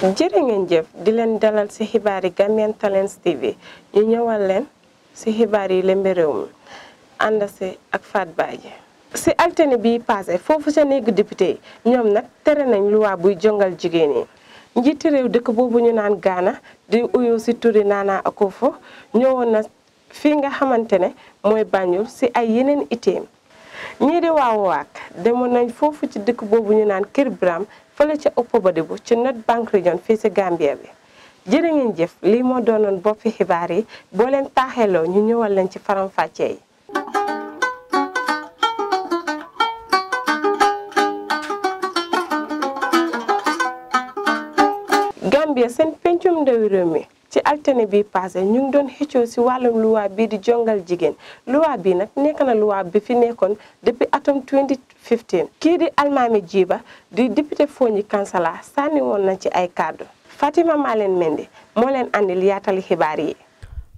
jërë ngeen jëf di leen dalal si xibaar yi Gambian Talents TV ñu ñëwal leen si xibaar yi lembe réew mi ànd si ak Fatou Badji si altine bi paase foofu sa néegu député yi ñoom nag tere nañ luwaa buy jongal jigéen yi njiiti réew dëkk boobu ñu naan Gaana di uyo si turi Nana Akufo ñëwoon na fii nga xamante ne mooy Banjul si ay yeneen iteem ñii di waaw waak demoon nañ foofu ci dëkk boobu ñu naan Kër Biram fële ca Ouakchott ci North Bank Region fii si Gambia bi jërë ngeen jëf lii moo doonoon boppi xibaar yi boo leen taaxeeloo ñu ñëwal leen ci faram-fàccee yi. Gambia seen mi. ci altine bi passé ñu ngi doon xëccoo ci wàllum luwaa bii di jongal jigéen luwaa bi nag nekk na luwaab bi fi nekkoon depuis atum 2015 kii di Almami Jiiba di député Foni Kansala sànni woon na ci ay kàddu Fatima Malen Mendy moo leen andil yaatali xibaar yi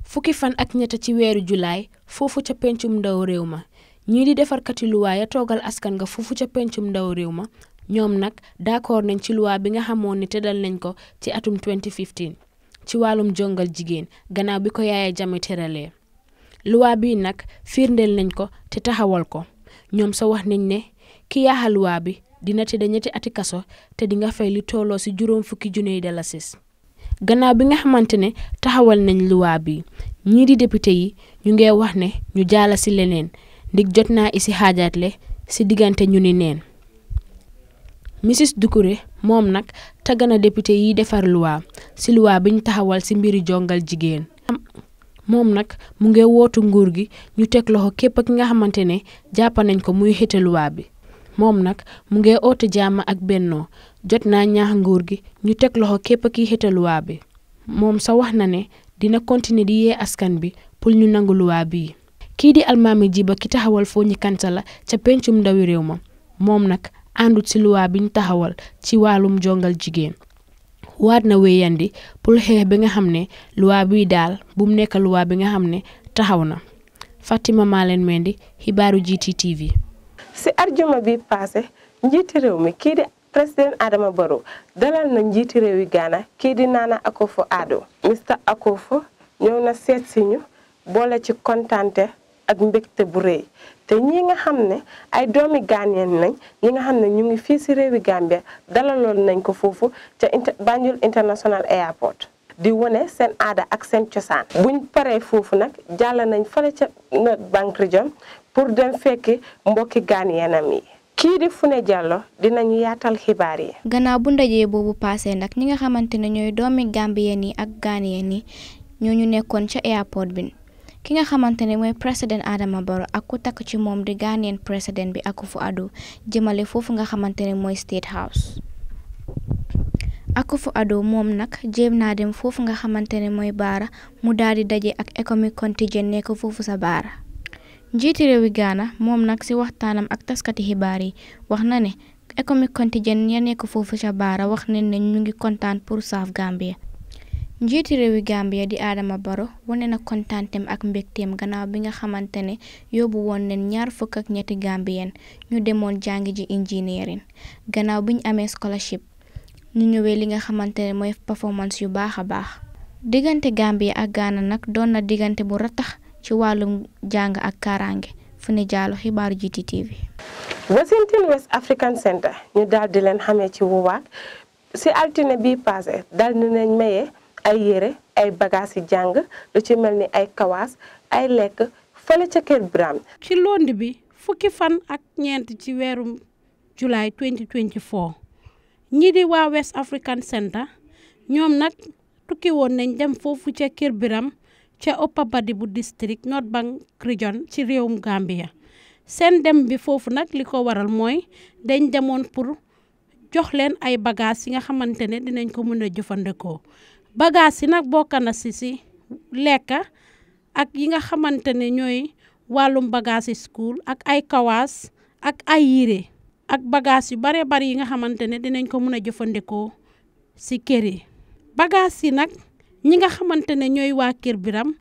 fukki fan ak ñett ci weeru julaay foofu ca pencum ndaw réew ma ñii di defarkati luwaay a toogal askan nga foofu ca pencum ndaw réew ma ñoom nag d'accord nañ ci luwaa bi nga xamoon ni tëddal nañ ko ci atum 2015 ci wàllum jongal jigéen gannaaw bi ko Yahya Jammeh tëralee luwaa bi nag firndeel nañ ko te taxawal ko ñoom sa wax nañ ne ki yaaxa luwaa bi dina tëdd ñetti ati kaso te di nga fay lu tolloo ci juróom fukki junniy dalasis gannaaw bi nga xamante ne taxawal nañ luwaa yi ñii di député yi ñu ngi wax ne ñu jàll ci leneen ndig jot naa isi xaajaatle ci diggante ñu ni neen Mrs Doucouré moom nag tagg na député yiy defar luwaa si luwaa bi ñu taxawal si mbiru jongal jigéen. moom nag mu ngi wootu nguur gi ñu teg loxo képp ki nga xamante ne jàpp nañ ko muy xite luwaa bi moom nag mu ngi oote jàmm ak bennoo jot naa ñaax nguur gi ñu teg képp ki xite luwaa bi moom sa wax na ne dina continuer di yee askan bi pour ñu nangu luwaa bi kii di almaami jiba ki taxawal foo ñi kanta la ca pencum ndawi réew ma moom nag àndut ci luwaa bi ñu taxawal ci wàllum jongal jigéen waat na wéyandi pour xeex bi nga xam ne luwaa biy daal bu nekk luwaa bi nga xam ne taxaw na Fatima Malen Mendy xibaaru GTTV. ci arjuma bi paase njiiti réew mi kii di président Adama Barrow dalal na njiiti réew yi Ghana kii di Nana Akufo-Addo Mr Akufo ñëw na seet si ñu boole ci kontante ak mbégte bu rëy te ñi nga xam ne ay doomi Ghanien lañ ñi nga xam ne ñu ngi fii si réewi Gambia dalaloon nañ ko foofu ca Banjul International Airport di wone seen aada ak seen cosaan buñ pare foofu nag jàll nañ fale ca Banjul pour dem fekki mbokki Ghanienam yi kii di Fune Jallow dinañu yaatal xibaar yi. gannaaw bu ndaje boobu paasee nag ñi nga xamante ne ñooy doomi Gambien yi ak Ghanien yi ñoo ñu nekkoon ca airport bi. ki nga xamante ne mooy président Adama Barrow ak ku takk ci moom di Ghanaian président bi ku fu ado jëmale foofu nga xamante ne mooy State House. Akufo-Addo moom nag jéem naa dem foofu nga xamante ne mooy baara mu daal di daje ak economic contingent nekk foofu sa baara. njiiti réewi Ghana moom nag ci waxtaanam ak taskati xibaar yi wax na ne economic contingent ya nekk foofu sa baara wax nañ ne ñu ngi kontaan pour saaf Gambia. njiiti réewi Gambia di Adama Barrow wane na kontaanteem ak mbégteem gannaaw bi nga xamante ne yóbbu woon neen ñaar fukk ak ñetti Gambien ñu demoon jàngi ji engineering gannaaw bi ñu amee scholarship ñu ñëwee li nga xamante ne mooy performance yu baax a baax. diggante Gambia ak gaana nag doon na diggante bu ratax ci wàllum jàng ak kaaraange fu ne jaalu xibaaru GTTV. Washington West African Center ñu daal leen xamee ci WOWAC si altine bii paase daal di nañ ay yére ay bagages yi jàng lu ci mel ni ay kawaas ay lekk fële ca kër Birame. ci lond bi fukki fan ak ñeent ci weeru julaay 2024 ñii di waa West African Centre ñoom nag tukki woon nañ dem foofu ca kër biram ca Upper bu district North Bank Region ci réewum Gambia seen dem bi foofu nag li ko waral mooy dañ demoon pour jox leen ay bagages yi nga xamante ne dinañ ko mën a jëfandikoo. bagages yi nag bokk na si si lekk ak yi nga xamante ne ñooy wàllum bagages yi school ak ay kawaas ak ay yére ak bagages yu bare bare yi nga xamante ne dinañ ko mën a jëfandikoo si kër yi bagages yi nag ñi nga xamante ne ñooy waa Kër Biram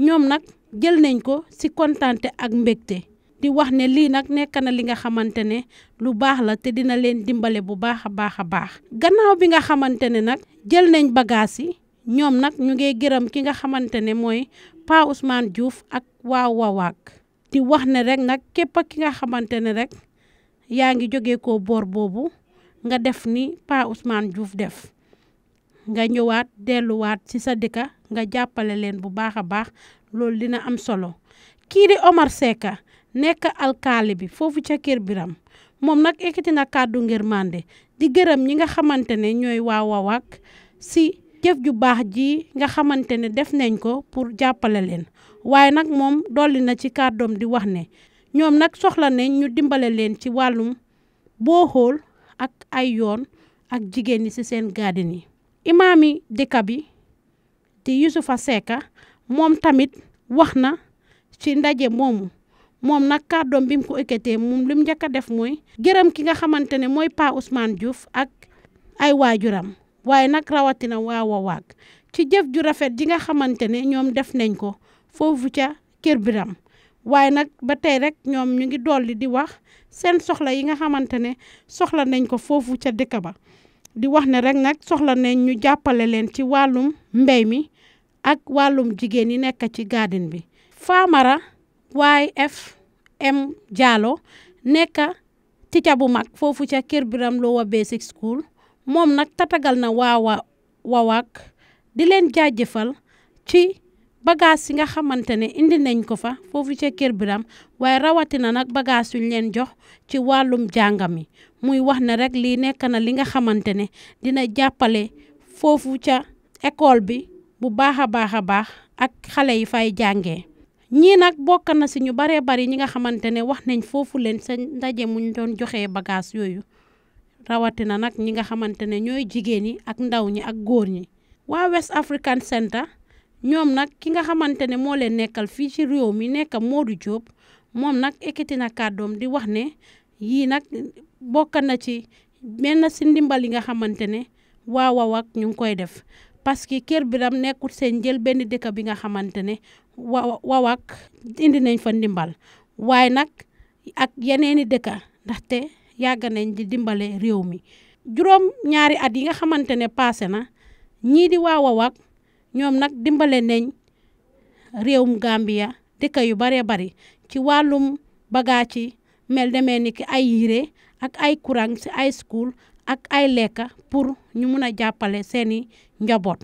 ñoom nag jël nañ ko si kontante ak mbégte di wax ne li nak nek na li nga xamantene ne lu bax la te dina len dimbalé bu baax a baax gannaaw bi nga xamantene nak jël nañ bagage yi ñom nak ñu ngi gëram ki nga xamantene moy Pa Ousmane Diouf ak wa di wax ne rek nak képp ki nga xamantene rek yaangi joggé ko bor bobu nga def ni Pa Ousmane Diouf def nga ñëwaat waat ci sa dëkka nga jappalé len bu baax baax dina am solo Kiri di Omar Seka nekk alkaali bi foofu ca Kër Biram moom nag ekkati na kàddu ngir mànde di gërëm ñi nga xamante ne ñooy waa wawaak si jëf ju baax ji nga xamante ne def nañ ko pour jàppale leen waaye nag moom dolli na ci kàddoom di wax ne ñoom nag soxla nañ ñu dimbale leen ci wàllum booxool ak ay yoon ak jigéen ñi ci seen garden yi imaami dëkk bi di Yusufa Seka moom tamit wax na ci ndaje moomu moom nag kàddoom bi mu ko ëkkatee moom li mu njëkk a def mooy gërëm ki nga xamante ne mooy Pa Ousmane Diouf ak ay waajuram waaye nag rawatina waa wawaag ci jëf ju rafet ji nga xamante ne ñoom def nañ ko foofu ca Kër Biram waaye nag ba tey rek ñoom ñu ngi dolli di wax seen soxla yi nga xamante ne soxla nañ ko foofu ca dëkk ba di wax na rek nag soxla nañ ñu jàppale leen ci wàllum mbéy mi ak wàllum jigéen yi nekk ci garden bi faamara YFM Jallow nekk tica bu mag foofu ca Kër Biram Lower Basic School moom nag tatagal na waa wawaak di leen jaajëfal ci bagage yi nga xamante ne indi nañ ko fa foofu ca Kër Biram waaye rawatina nag bagage yuñ leen jox ci wàllum jàngami muy wax ne rek lii nekk na li nga xamante ne dina jàppale foofu ca école bi bu baax a baax a baax ak xale yi fay jàngee ñii nag bokk na si ñu baree bari ñi nga xamante ne wax nañ foofu leen sa ndaje muñ doon joxee bagaas yooyu rawatina nag ñi nga xamante ne ñooy jigéen ñi ak ndaw ñi ak góor ñi. waa West African Centre ñoom nag ki nga xamante ne moo leen nekkal fii ci réew mi nekk Modou jóob moom nag ekkati na kàddoom di wax ne yii nag bokk na ci benn si ndimbal yi nga xamante ne waa Wawac ñu ngi koy def. parce que Kër Biram nekkul seen jël benn dëkk bi nga xamante ne wa wawaak indi nañ fa ndimbal waaye nag ak yeneeni dëkka ndaxte yàgg nañ di dimbale réew mi juróom ñaari at yi nga xamante ne paase na ñii di waa ñoom nag dimbale nañ réewum Gambia dëkk yu baree bari ci wàllum bagaa ci mel demee ni ki ay yire ak ay kurang si ay school ak ay lekka pour ñu mun a jàppale seeni njaboot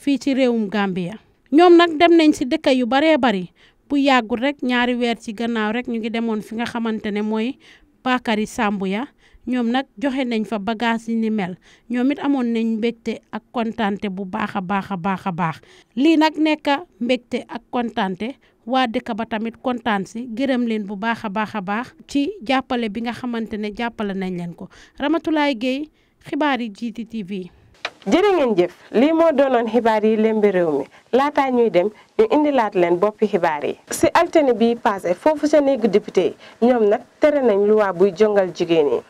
fii ci réewum Gambia ñoom nag dem nañ si dëkk yu baree bari bu yàggul rek ñaari weer ci gannaaw rek ñu ngi demoon fi nga xamante ne mooy Bakary ya ñoom nag joxe nañ fa bagaas yi ni mel ñoom it amoon nañ mbégte ak kontaante bu baax a baax a baax a baax lii nag nekk mbégte ak kontaante waa dëkk ba tamit kontaan si gërëm leen bu baax a baax a baax ci jàppale bi nga xamante ne jàppale nañ leen ko Ramatulaay Guèye xibaar yi GTTV jërë ngeen jëf lii moo doonoon xibaar yi lembi réew mi laataa ñuy dem ñu indilaat leen boppi xibaar yi. si altine bii passé foofu ca néegu député yi ñoom nag tere nañ luwaa buy jongal jigéen yi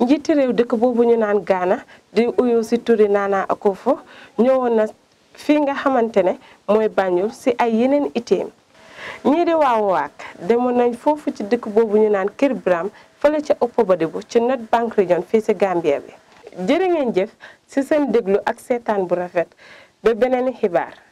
njiiti réew dëkk boobu ñu naan gaana di uyoo si turi Nana Akufo ñëwoon na fii nga xamante ne mooy Banjul si ay yeneen iteem. ñii di waawu demoon nañ foofu ci dëkk boobu ñu naan Kër Biram fële ca Opobo Debo ci North Bank Region fii si Gambia bi. jërë ngeen jëf ci seen déglu ak seetaan bu rafet ba beneen xibaar.